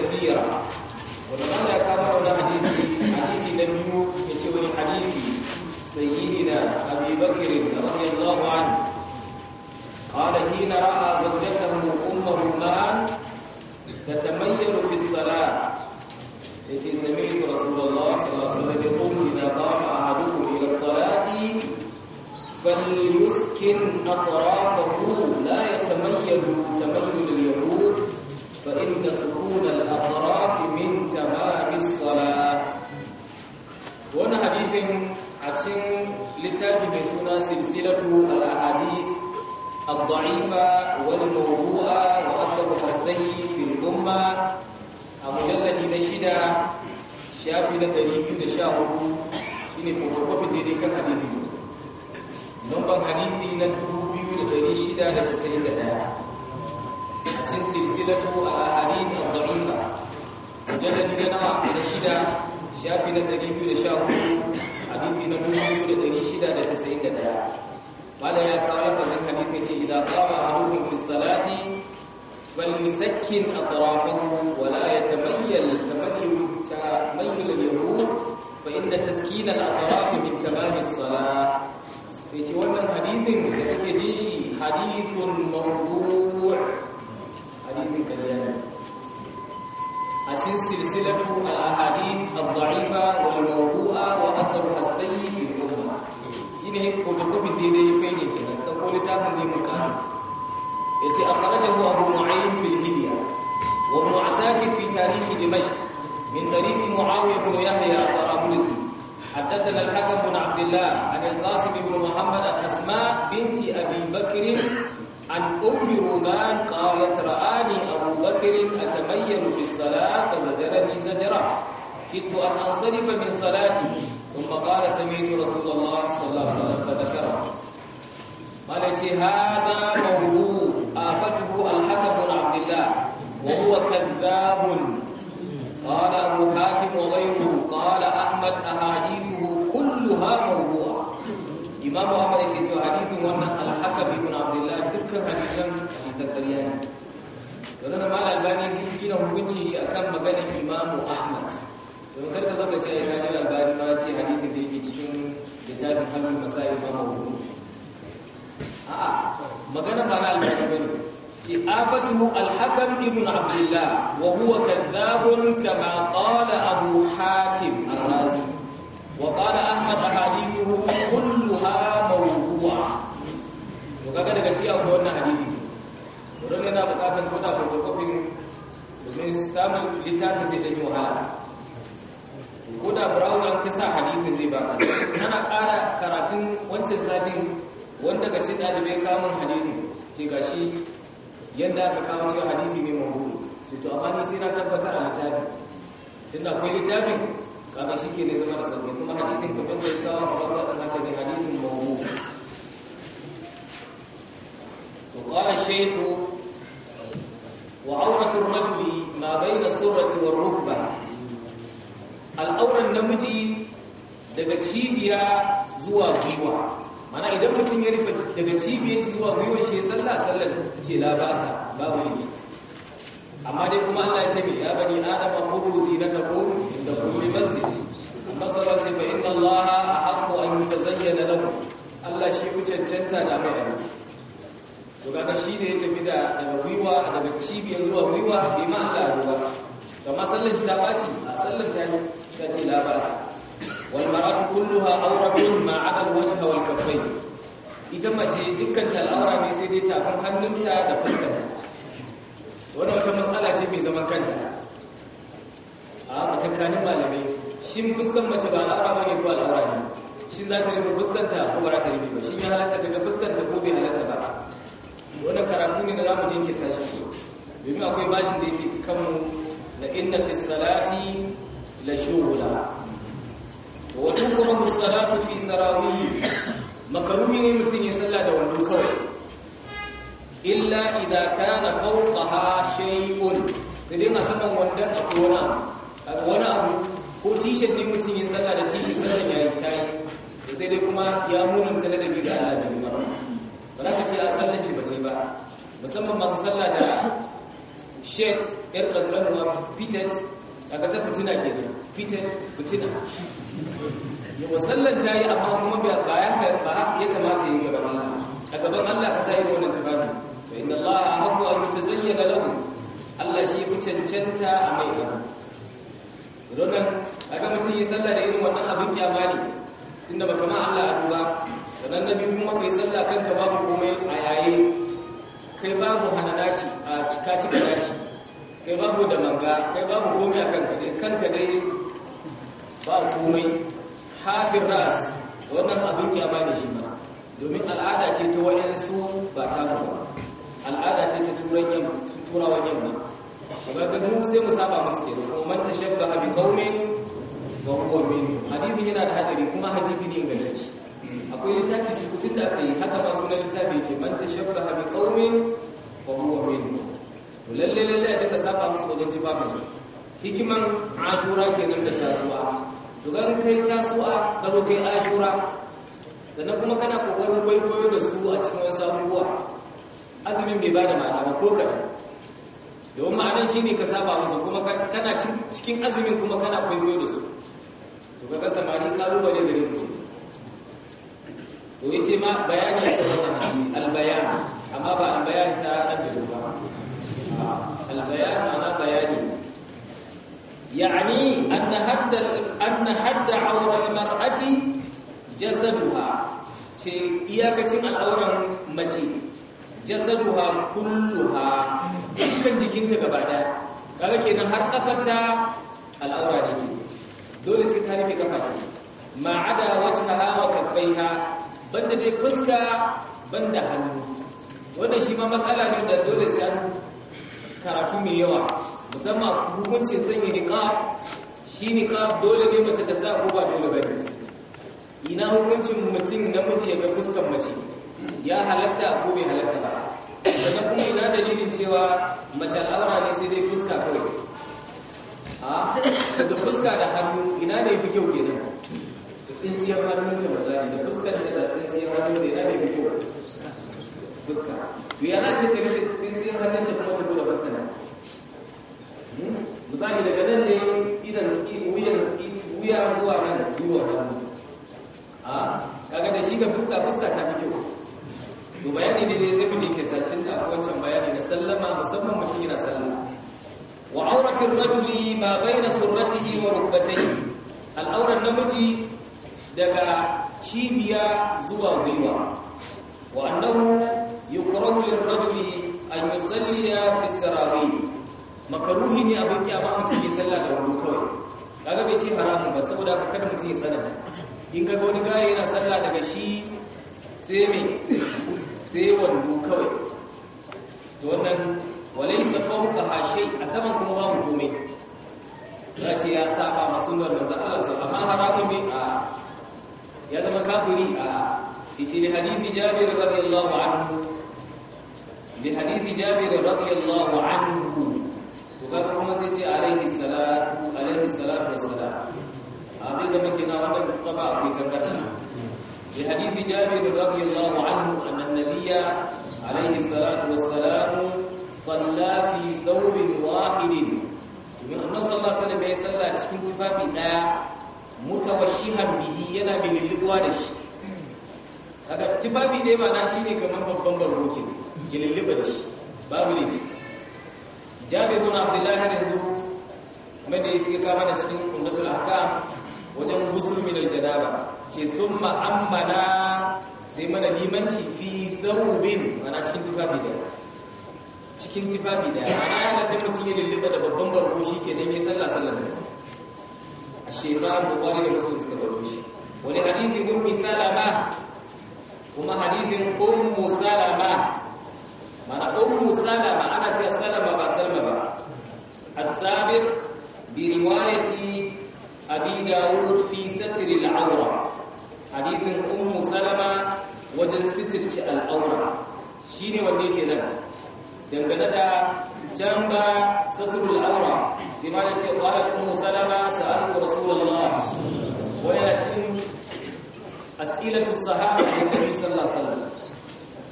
كثيرا ولماذا كان هنا حديث حديث نبيه يتبني حديث سيدنا أبي بكر رضي الله عنه قال حين رأى زوجته أم رمان تتميل في الصلاة التي سمعت رسول الله صلى الله عليه وسلم يقول إذا قام أحدكم إلى الصلاة فليسكن أطرافه لا يتميل فإن سكون الأطراف من تمام الصلاة وانا حديث عشان لتابي بسنا سلسلة الأحاديث الضعيفة والموضوعة وأثر السيء في الأمة مجلد نشدة شافي لدريب نشاه شيني فوتوكوبي ديريك الحديث نمبر حديثي ندوبي لدريب شدة لتسعيد الآن cikin silsilatu al-ahadith ad-da'ifa mujalladi na nawa da shida shafi na 214 hadisi na 2691 malam ya kawo lafazin hadisi ce idan qama ahadukum fi salati falyusakkin atrafahu wa la yatamayyal tamayyul tamayyul al-yahud fa inna taskin al-atraf min tamam as sai ce wannan hadisin da kake jin shi hadithun mawdu' بيانا عشان سلسلة الأحاديث الضعيفة والموضوعة وأثرها السيء في الأمة شين هيك كتب بزيدة يفيني كنا تقول تابن زي مكان يتي أخرجه أبو معين في الهلية وابن عساكر في تاريخ دمشق من طريق معاوية بن يحيى الطرابلسي حدثنا الحكم بن عبد الله عن القاسم بن محمد عن أسماء بنت أبي بكر عن أم رومان قالت رآني أبو بكر أتمين في الصلاة فزجرني زجرا كدت أن أنصرف من صلاتي ثم قال سمعت رسول الله صلى الله عليه وسلم فذكره قال هذا موضوع آفته الحكم بن عبد الله وهو كذاب قال أبو حاتم وغيره قال أحمد أحاديثه كلها موضوع imamu ahmad yake cewa hadisin wannan al-hakam ibn abdullah dukkan hadisan da ƙarya ne don da mal albani gina hukuncin shi akan maganar imamu ahmad don kar ka zaka ce ai kaji albani ma ce hadisin da yake cikin littafin halin masai ma mawdu a'a magana ba na albani ne. ce afatuhu al-hakam ibn abdullah wa huwa kadhabun kama qala abu hatim ar-razi wa qala ahmad ahadithuhu daga ci akwai wannan hadisi don yana bukatar kuna kofin domin samun littafin zai ɗanyi wahala ko da browser an kisa hadithin zai baka ana ƙara karatun wancan satin wanda ga cin ɗalibai kamun hadithi ke gashi yadda aka kawo cewa hadithi ne mahuru su to amma ni sai na tabbatar a littafi tunda akwai littafin kaga shi ke ne zama da sabbin kuma hadithin da ya kawo a ba za a ɗan وقال الشيخ وعورة الرجل ما بين السرة والركبة al'auran namiji daga cibiya zuwa gwiwa mana idan mutum ya rufe daga cibiyar zuwa gwiwa shi ya sallah sallar ce la babu ne amma dai kuma Allah ya ce mai ya bani adama khudhu zinatakum inda kulli masjid amma sallallahu alaihi fa inna Allah ahqqu an yutazayyana lakum Allah shi ku cancanta da mai to shi ne ya tafi da daga gwiwa daga cibiyar zuwa gwiwa bai ma Allah ruwa kama sallar shi ta baci a sallar ta yi ta ce la ba sa kullu ha kulluha awratun ma adal wajha wal kafai ita mace dukkan ta al'aura ne sai dai tafin hannunta da fuskarta Wani wata matsala ce mai zaman kanta a tsakankanin malamai shin fuskan mace ba al'aura ba ne ko al'aura ne shin za ta rufe fuskanta ko ba za ta rufe ba shin ya halatta daga fuskanta ko bai halatta ba wannan karatu ne da zamu jinkirta shi domin akwai bashin da yake kanmu la inna fi salati la shughla wa tukuru salatu fi sarawih makaruhi ne mutum ya salla da wando kawai illa idza kana fawqaha shay'un idan a saman wanda akwai wani abu wani abu ko t-shirt ne mutum ya salla da t-shirt sallan yi tayi sai dai kuma ya munanta ladabi ga al'adu ba za ka ce a sallan shi ba ce ba musamman masu sallah da shet yar kankanuwa pitet daga ta fitina ke ne pitet fitina yawa sallan ta yi amma kuma ba ya kamata yi gaban Allah a gaban Allah ka sa yi wannan tufafi fa inna Allah ahabbu an yutazayyana lahu Allah shi fi cancanta a mai gaba don nan kaga mutum yi sallah da irin wannan abin kyama ne tunda ba kama Allah sannan na biyu kuma kai sallah kanka babu komai a yaye kai babu hananaci a cika cika naci kai babu da manga kai babu komai a kanka dai kanka dai ba komai hafin ras wannan abin kyama ne shi ba domin al'ada ce ta waɗansu ba ta ba al'ada ce ta turan yamma turawan yamma daga ga duk sai mu saba musu kenan kuma man tashabba bi qaumin wa qaumin min hadisi yana da hadari kuma hadisi ne ingantacce akwai littafi sukutun da aka yi haka masu na littafi ke man tashabbaha bi qaumin wa huwa minhum to lalle lalle a ka saba musu wajen tufa su hikiman asura ke nan da tasuwa to gan kai tasuwa ka kai asura. sannan kuma kana kokarin kwaikwayo da su a cikin wasu abubuwa azumin bai bada ma'ana ba ko kaɗan domin ma'anan shi ne ka saba musu kuma kana cikin azumin kuma kana kwaikwayo da su to ga kasa ma'ani kalubale da rikici to yace ma bayani ta albayan amma ba albayan ta rabbi ba albayan ana bayani يعني أن حد أن حد عورة المرأة جسدها شيء إياك العورة مجي جسدها dukkan jikinta gaba daya kaga kenan har kafarta al'aura ne dole sai ta rufe kafa ma wacce wajhaha kafai ha? banda dai fuska banda hannu wannan shi ma matsala ne da dole sai an karatu mai yawa musamman hukuncin sanya niqab shi niqab dole ne mace ta sa ko ba dole ba ne ina hukuncin mutum namiji ya ga fuskar mace ya halatta ko bai halatta ba sannan kuma ina dalilin cewa mace al'aura ne sai dai fuska kawai a ah, da fuska da hannu ina ne fi kyau kenan tsinsiyar hannunta misali da fuskar ta da tsinsiyar hannunta yana ne fito fuska to yana ce ta rike tsinsiyar hannunta kuma ta bude fuskar hmm? misali daga nan ne idan wuyan wuya zuwa nan gwiwa hannu a kaga da shi ga fuska fuska ta fi kyau to bayani ne dai sai mu dike tashin da wancan bayani na sallama musamman mutum yana sallama wa auratir rajuli ma baina surratihi wa rukbatayhi al'auran namiji daga cibiya zuwa gwiwa wa annahu yukrahu lirrajuli an yusalliya fi sarawi makaruhi ne abin kyama mutum ya salla da wuri kawai kaga bai ce haramun ba saboda haka kada mutum ya tsananta in kaga wani gaya yana salla daga shi sai me sai wando kawai to wannan walaysa fawqa shay a saman kuma babu komai ya ce ya saba masunnar manzo Allah amma haramu ne a يلا ما كابوري اتيني آه. حديث جابر رضي الله عنه لحديث جابر رضي الله عنه وقال رمزيتي عليه الصلاة عليه الصلاة والسلام عزيزة مكينا ربك الطبع في تنقلنا لحديث جابر رضي الله عنه أن النبي عليه الصلاة والسلام صلى في ثوب واحد يقول الله صلى الله عليه وسلم يسلى تشكين تفاقي mutawashihan bihi yana bin lullubuwa da shi kaga tufafi dai ba na shi ne kamar babban barro ke ke da shi babu ne jabe don abdullahi yanzu wanda da cika kama da cikin ummatul ahkam wajen gusul min aljanaba ce summa ammana sai mana limanci fi thawbin mana cikin tufafi da cikin tufafi da ana yana ta mutum ya lulluba da babban barko shi ke dan yi sallah sallah shekarar bukhari da muslim suka dauko shi wani hadithin ummi salama kuma hadithin ummu salama mana ummu salama ana ce salama ba salma ba as-sabiq bi riwayati abi daud fi satr al-awra hadithin ummu salama wajen sitirci al-awra shine wanda yake nan dangane da jamba satr al-awra لماذا قال ام سلمة سألت رسول الله ويأتي أسئلة الصحابة للنبي صلى الله عليه وسلم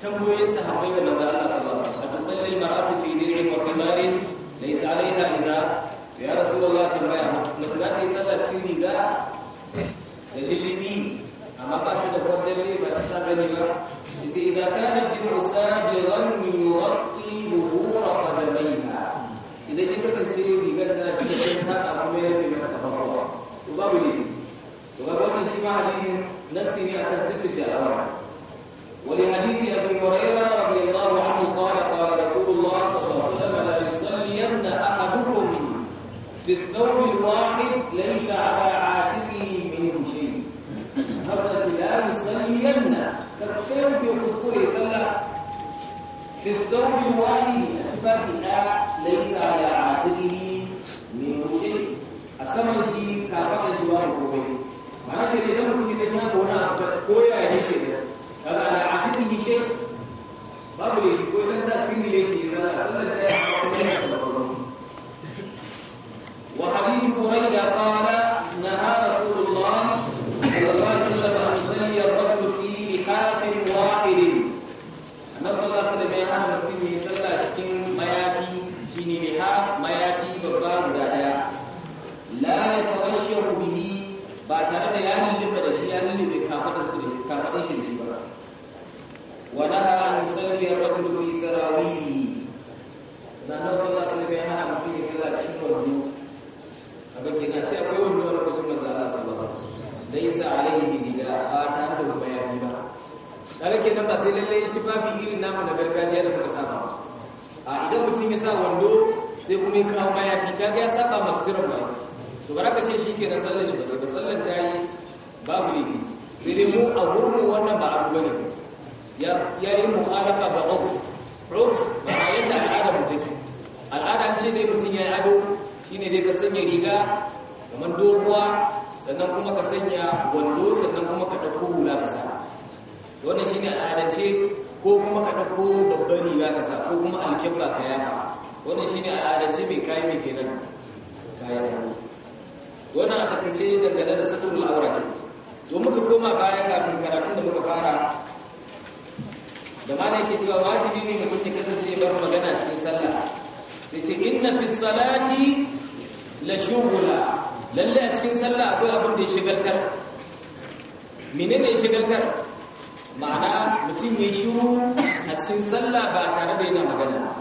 تنبوي صحابي من ذا الله صلى الله عليه وسلم أتصلي المرأة في درع وخمار ليس عليها إذا يا رسول الله صلى الله عليه وسلم مثلا تيسال تشيني غا للليبي أما قالت لفرد اللي ما تسابني ما إذا كان الدرع سابغا يغطي يرجع الأمر ولحديث أبي هريرة رضي الله عنه قال قال رسول الله صلى الله عليه وسلم لا يصلين أحدكم في الثوب الواحد ليس على عاتقه منه شيء لا يصلين تكفير بقصور صلى في الثوب الواحد أسبابها ليس على عاتقه منه شيء أسمى شيء كافة جوار الروحي معنى كده لم تجد لنا ko yake ne kaga shay babu kaga ya saba masu sirrin ba to ba ka ce shi ke nan sallar shi ba ba sallar ta yi babu ne sai dai mu a gurbin wannan ba abu bane ya yi muhalafa ga urf urf ba a yadda al'ada mu ke al'ada an ce dai mutum ya yi ado shine dai ka sanya riga kamar doguwa sannan kuma ka sanya wando sannan kuma ka ɗauko hula ka sa wannan ne al'adance ko kuma ka ɗauko babban riga ka sa ko kuma alkebba ka yaba Wani shi ne al'adance mai kayan mai kenan kayan hannu wani a takaice dangane da saturul aura ke to muka koma baya kafin karatun da muka fara da ma ne ke cewa wajibi ne mutum ya kasance ya bar magana cikin sallah ya ce inna fi salati la shugula lalle a cikin sallah akwai abin da ya shigaltar menene ya shigaltar ma'ana mutum ya shiru a cikin sallah ba tare da yana magana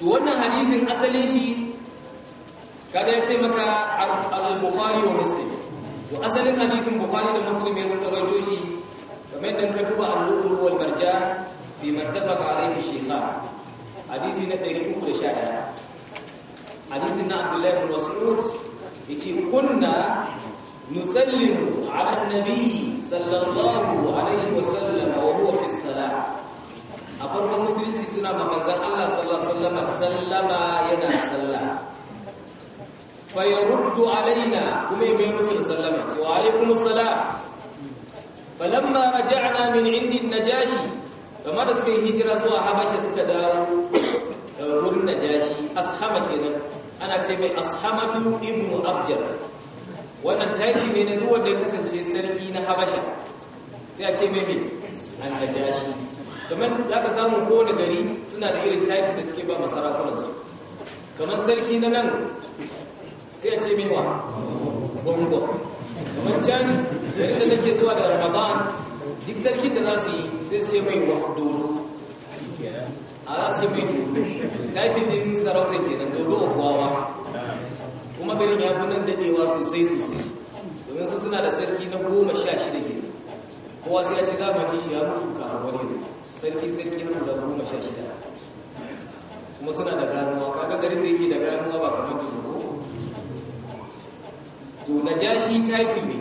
wannan hadithin asalin shi kaga ya ce maka al-bukhari wa muslim to asalin hadithin bukhari da muslim ya suka rawaito shi kamar dan ka duba al-lu'lu wal Marja, fi mattafaqa alayhi shaykhan Hadithi na 311 hadisin na abdullahi bin mas'ud yace kunna nusallimu ala an-nabi sallallahu alaihi wasallam wa huwa fi as-salah a farkon musulunci suna makanzan Allah sallallahu sallama yana sallah fa yaruddu alaina kuma ya mai musul sallama ce wa alaikumus salam falamma raja'na min indi najashi kamar da suka yi hijira zuwa habasha suka dawo da wurin najashi ashama kenan ana ce mai ashamatu ibnu abjar wannan taki ne na da ya kasance sarki na habasha sai a ce mai mai an najashi kamar za ka samu kowane gari suna da irin taiti da suke ba masarakunansu kamar sarki na nan sai a ce mewa bongo kamar can gari da nake zuwa da ramadan duk sarkin da za su yi sai su mai wa dodo. a za su mai dolo title din sarauta kenan dolo of wawa kuma garin ya fi nan dadewa sosai sosai domin su suna da sarki na goma sha shida ke kowa sai ya ci yi shi ya mutu sarki sarki har guda goma sha shida kuma suna da ganuwa kaga garin da yake da ganuwa ba kamar da zuwa to na ja shi taifi ne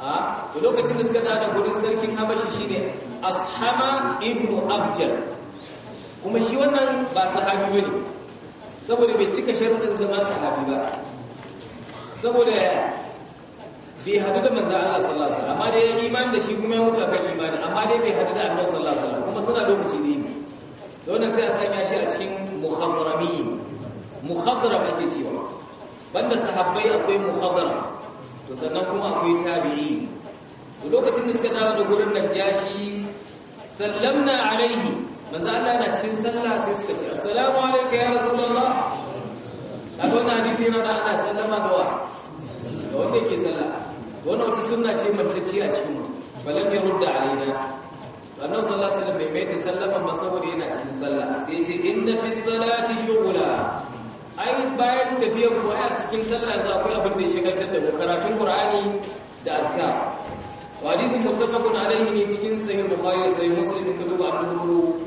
a to lokacin da suka da gurin sarkin habashi ne ashama ibnu abjal kuma shi wannan ba sahabi bane saboda bai cika sharuɗin zama sahabi ba saboda bai hadu da manzan Allah sallallahu alaihi wasallam amma dai yayi imani da shi kuma ya wuce kan imani amma dai bai hadu da Annabi sallallahu alaihi wasallam kuma suna lokaci ne wannan sai a sanya shi a cikin muhadrami muhadram ake cewa banda sahabbai akwai muhadram to sannan kuma akwai tabi'i to lokacin da suka dawo da gurin Najashi sallamna alaihi manzo Allah na cikin sallah sai suka ce assalamu alayka ya rasulullah A wannan hadisi yana da Allah sallama ga wa wanda yake sallah wannan wata sunna ce martacci a cikin mu ya rudda alaina rina. sallallahu alaihi wasallam bai mai da sallama ba saboda yana cikin sallah sai ya ce na fi salati shughla ai bayan tafiyar ko a cikin sallah za ku abin da ya shagaltar da karatun qur'ani da azkar hadithu muttafaqun alaihi ne cikin sahih bukhari da sahih muslim ka duba al-bukhari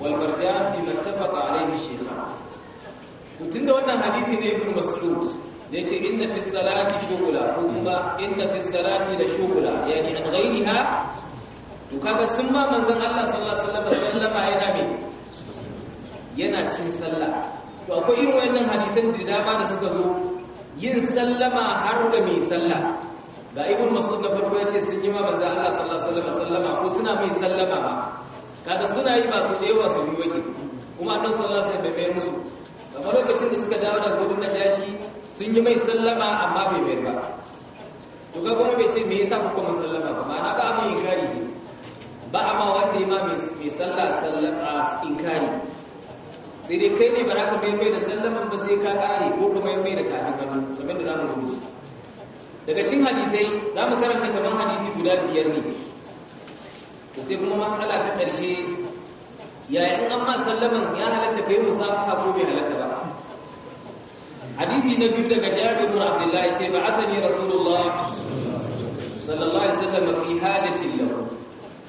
wal marjan fi muttafaqa alaihi shaykh wannan hadisi ne ibn mas'ud zai ce inna fi salati shugula ko kuma inna fi salati da shugula yani an ghairiha to kaga sun ma manzon Allah sallallahu alaihi wasallam yana me yana cin sallah to akwai irin wayannan hadisan da dama da suka zo yin sallama har da mai sallah ga ibn mas'ud na farko yace sun yi ma manzon Allah sallallahu alaihi wasallam ko suna mai sallama ba kaga suna yi ba su dewa su yi wake kuma annabi sallallahu alaihi wasallam bai bayar musu kamar lokacin da suka dawo daga gudun najashi sun yi mai sallama amma bai mayar ba to ga kuma bai ce me yasa kuka mun sallama ba ma'ana ba abin inkari ne ba amma wanda ya ma mai sallah sallama inkari sai dai kai ne ba za ka mai mai da sallaman ba sai ka kare ko ka mai mai da tafi hannu kamar da za mu rubuce daga cikin hadisai za mu karanta kaman hadisi guda biyar ne to sai kuma mas'ala ta ƙarshe yayin an ma sallaman ya halatta kai musafaha ko bai halatta ba hadisi na biyu daga jabir bin abdullah yace ba azani rasulullah sallallahu alaihi wasallam fi hajatin lahu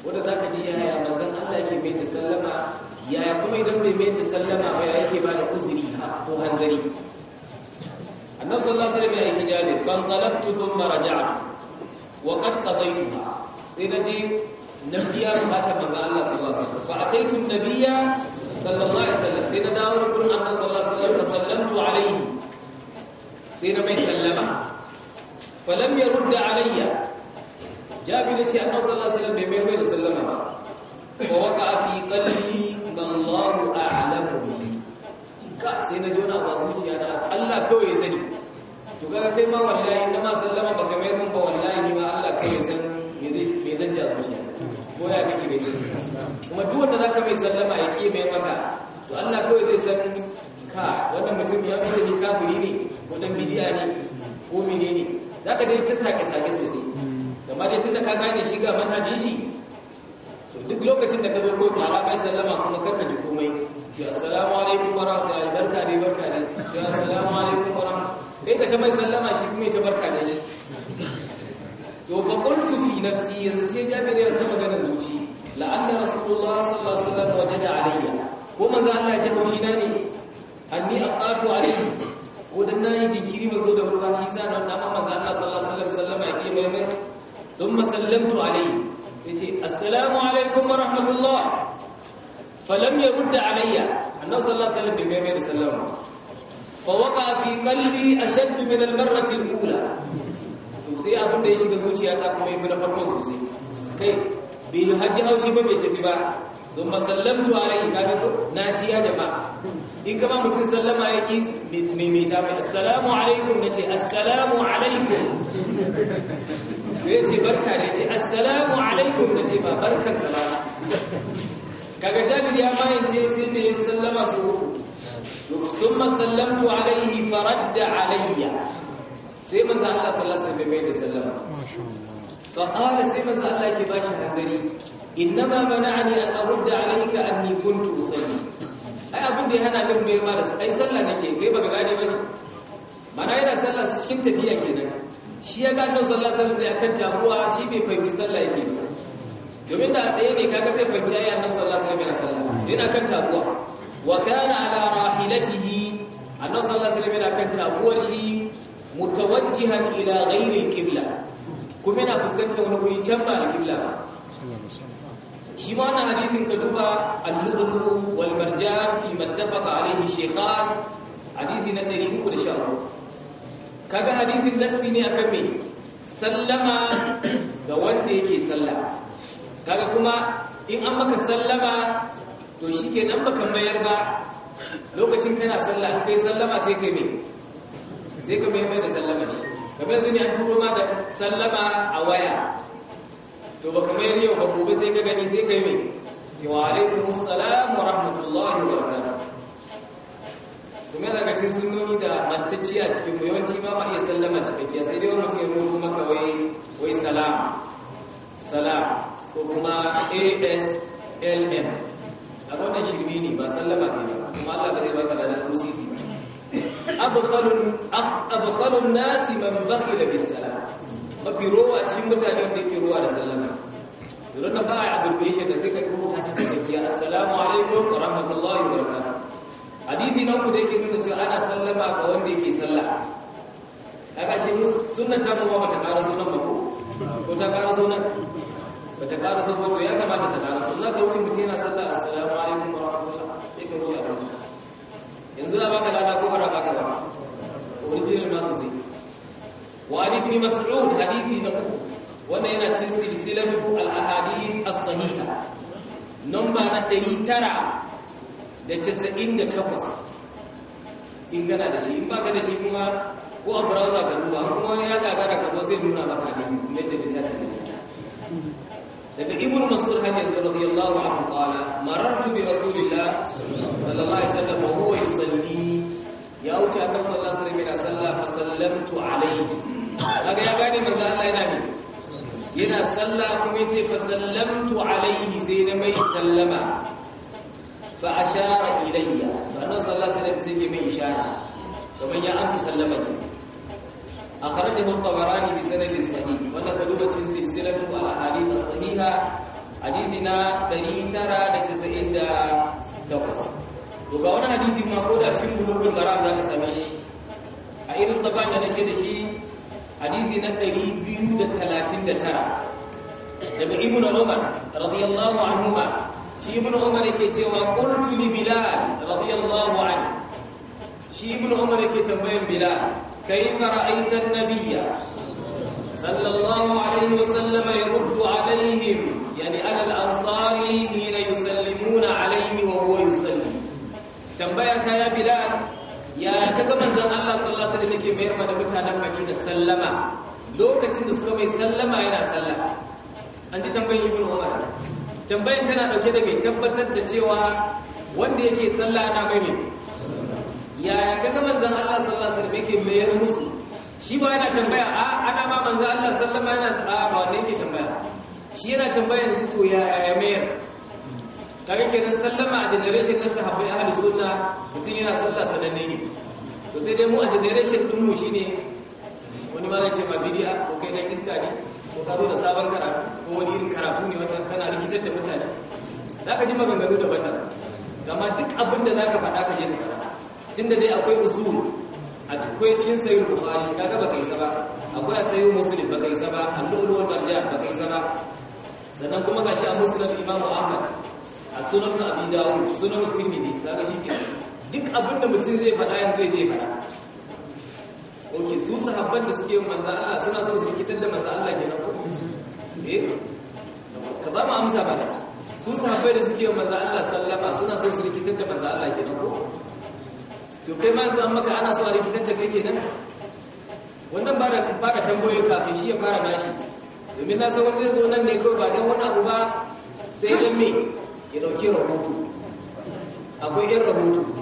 wanda zaka ji yaya manzon Allah yake mai da sallama yaya kuma idan bai mai da sallama ba ya yake ba da kuzuri ko hanzari annabi sallallahu alaihi wasallam ya yake jabir fan talaqtu thumma raja'tu wa qad qadaytuha sai na naji nabiya bukatar manzon Allah sallallahu alaihi wasallam fa ataitu nabiyya sallallahu alaihi wasallam sai na dawo gurin annabi sallallahu alaihi wasallam fa sallamtu alaihi sai na mai sallama falam ya rudda alayya jabi ne ce annabi sallallahu alaihi wasallam mai mai da sallama ba fa waqa fi qalbi wallahu a'lamu bi ka sai na Allah kawai ya sani to kaga kai ma wallahi inda ma sallama baka mai mun ba wallahi ni ma Allah kawai ya san me zai me zan ja zuciya ko ya kake kuma duk wanda zaka mai sallama ya ke mai maka to Allah kawai zai san ka wannan mutum ya mutu ni kafiri ne wadan bidiya ne ko ne za ka dai ta sake-sake sosai gama dai tun da ka gane shi ga manhajin shi duk lokacin da ka zo ko ala bai sallama kuma ka ji komai ki assalamu alaikum wa rahmatullahi barka ne barka ne ki assalamu alaikum wa rahmatullahi kai ka ta mai sallama shi kuma ta barka ne shi to fa qultu fi nafsi yanzu sai jabir ya zama ganin zuci la'alla rasulullah sallallahu alaihi wasallam wajada alayya ko manzo Allah ya ji haushi na ne anni aqatu alayhi ko dan nayi jinkiri ba zo da ruwa shi sa nan dan manzo Allah sallallahu alaihi wasallam ya ke mai mai thumma sallamtu alayhi ce assalamu alaikum wa rahmatullah falam ya yurd alayya annabi sallallahu alaihi wasallam bai mai mai sallama fa waqa fi qalbi ashad min al-marrati al-ula to sai abin da ya shiga zuciyata kuma yi na farko sosai kai bai hajji haushi ba bai tafi ba sun masallamtu alaihi kaga ko na ci ya jama'a in gaba mutum sallama ya ƙi maimaita mai assalamu alaikum na ce assalamu alaikum ya ce barka da ya ce assalamu alaikum na ce ba barkan ka ba kaga jami'ar ya mayance sai da ya sallama su uku sun masallamtu alaihi faradda alayya sai mun Allah sallallahu alaihi wasallam bai da sallama فقال سيما الله يكي باشا نزري إنما منعني أن أرد عليك أني كنت أصلي أي أبن دي هنا لم يمارس أي سلا نكي كيف أغاني بني mana yana sallah su cikin tafiya kenan shi ya gano sallah sallah da akan taruwa shi bai fahimci sallah yake ba domin da tsaye ne kaga zai fahimci ya annabi sallah alaihi wasallam sallah yana kan taruwa wa kana ala rahilatihi annabi sallallahu alaihi wasallam yana kan taruwar shi mutawajjihan ila ghairi al-qibla kuma yana fuskantar wani guri can ba alƙibla ba shi ma wannan hadithin ka duba al-lu'lu wal marjan fi mattafaqa alayhi shaykhan hadisi na 314 kaga hadisin nassi ne akan me sallama ga wanda yake sallah kaga kuma in an maka sallama to shikenan baka mayar ba lokacin kana sallah kai sallama sai kai me sai ka mai da sallama shi kamar zai ne an turo ma da sallama a waya to ba kamar yau ba gobe sai ka gani sai ka yi mai yawa alaikum assalam wa rahmatullahi wa barakatuh kuma yana ga cikin sunnoni da mantacci a cikin mu yawanci ma ba iya sallama cikakkiya sai dai wani mutum ya rubuta maka wai wai salam salam ko kuma "A.S.L.N" a wannan shirme ne ba sallama kai ba kuma Allah ba zai baka da kusi abkhalun abkhalun nas man bakhila bis mafi rowa cikin mutane da yake rowa da sallama don na a abulbe shi da sai ka rubuta cikin dakiya assalamu alaikum wa rahmatullahi wa barakatuh hadisi na uku yake nuna cewa ana sallama ga wanda yake sallah kaga shi ta mu ba ta ƙara sunan ba ko ta ƙara sunan ba ta ƙara sunan to ya kamata ta ƙara sunan ka wuce mutum yana sallah assalamu alaikum wa rahmatullahi wuce yanzu za baka lada ko wa ibn mas'ud hadisi na ku? wannan yana cikin silsilatu al-ahadith as-sahiha namba na 998 in kana da shi in ba ka da shi kuma ko a browser ka duba kuma wani ya gagara ka zo sai nuna maka hadisi kuma da littafin daga ibn mas'ud hadith radiyallahu anhu qala marartu bi rasulillah sallallahu alaihi wasallam wa huwa yusalli ya wuce annabi sallallahu alaihi wasallam yana sallah fa sallamtu alaihi kaga ya gane manzo Allah yana ne yana salla kuma yace fa sallamtu alaihi sai na mai sallama fa ashara ilayya annabi sallallahu alaihi wasallam sai mai ishara kamar ya ansa sallama ki akhrajahu at barani bi sanadin sahih wannan kaduba cikin silsilatu al-ahadith as-sahiha hadithi na 998 to ga wani hadithi ma ko da cikin bulugul maram za ka same shi a irin taban da nake da shi hadisi na 239 daga ibnu umar radiyallahu anhuma shi ibnu umar yake cewa qultu li bilal radiyallahu anhu shi ibnu umar yake tambayan bilal kayfa ra'aita an-nabiyya sallallahu alaihi wasallam yurdu alaihim mayar da mutanen madina sallama lokacin da suka mai sallama yana sallama an ji tambayin ibn umar tambayin tana dauke da mai tabbatar da cewa wanda yake sallah na mai Yaya ka kaga manzon Allah sallallahu alaihi wasallam yake mayar musu shi ba yana tambaya a ana ma manzon Allah sallama yana sallah ba wanda yake tambaya shi yana tambaya yanzu to yaya mayar kaga kenan sallama a generation na sahabbai ahli sunna mutum yana sallah sananne ne to sai dai mu a generation din mu shine wani ma zai ce ma bidiya ko kai dan iska ne ko ka zo da sabon karatu ko wani irin karatu ne wanda kana rikitar da mutane za ka ji maganganu da banda amma duk abin da za ka faɗa ka je ka faɗa tunda dai akwai usul a cikin cikin sayin ka ga baka yi ba akwai a sayin musulun baka yi ba al-lu'lu wal marjan baka yi ba sannan kuma shi a muslim imamu ahmad a sunan abi dawud sunan tirmidhi kaga shi kenan duk abin da mutum zai faɗa yanzu ya je faɗa ok su sahabban da suke manza Allah suna son su rikitar da manza Allah ke nan eh ka ba mu amsa ba su sahabbai da suke manza Allah sallama suna son su rikitar da manza Allah ke nan to kai ma yanzu an maka ana so a rikitar da kai nan? wannan ba da fara tambayoyi kafin shi ya fara nashi domin na san wani zai zo nan ne kawai ba dan wani abu ba sai dan me ya dauki rahoto akwai yan rahoto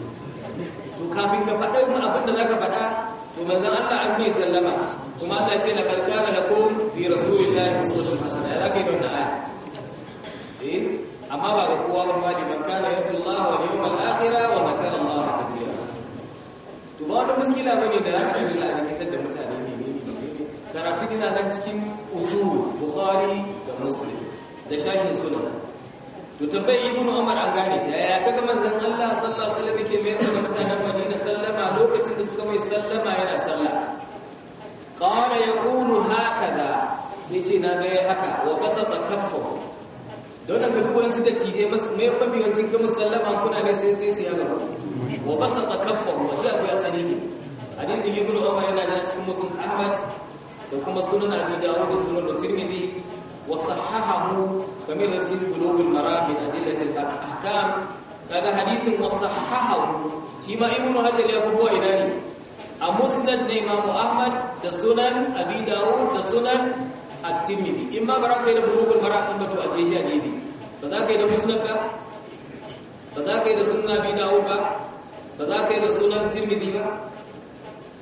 kafin ka faɗa mu abin da zaka faɗa to manzon Allah an mai sallama kuma Allah ce la karkana lakum fi rasulillahi sallallahu alaihi wasallam ya kai don aya eh amma ba ga kowa ba ma man kana yadullahi wal yawmal akhirah wa makana Allah kabira to ba wani muskila bane da zaka ci da rikitar da mutane ne ne karatu ina nan cikin usul bukhari da muslim da shashin sunan to tabbai ibnu umar an gane ta ya kaga manzon Allah sallallahu alaihi wasallam yake mai da mutanen da suka mai sallama yana sallah kawai qala yaqulu hakaza sai ce na gaya haka wa basata kafa don ka duba su da tije masu mai mabiyancin kama sallama kuna ne sai sai su ya gaba wa basata kafa ba shi akwai asali ne a da gibin umar yana da cikin musu ahmad da kuma sunan abi da wani sunan tirmidhi wa sahahahu kamar yasin qulubul maram min adillati al-ahkam kaga hadithin wasahahu shi ma ibn hajar ya kubo ina ne a musnad na imam ahmad da sunan abi dawud da sunan at-tirmidhi in ma baraka da bulugul maram din bato aje shi a gefe ba za ka yi da musnad ka ba za ka yi da sunan abi dawud ba ba za ka yi da sunan tirmidhi ba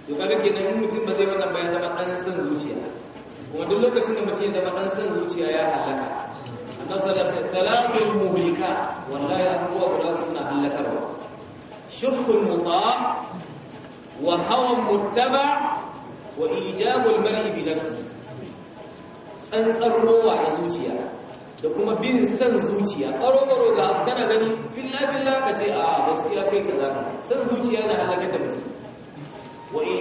to kaga kenan in mutum ba zai wannan ba ya zama dan san zuciya kuma duk lokacin da mutum ya zama dan san zuciya ya halaka nasara salatu muhlika wallahi abubuwa guda suna hallakarwa shukul muta wa hawan muttaba wa ijabul mar'i bi nafsi tsantsar rowa na zuciya da kuma bin san zuciya karo-karo ga kana gani filla-filla ka ce a gaskiya kai ka san zuciya na halakar da mutum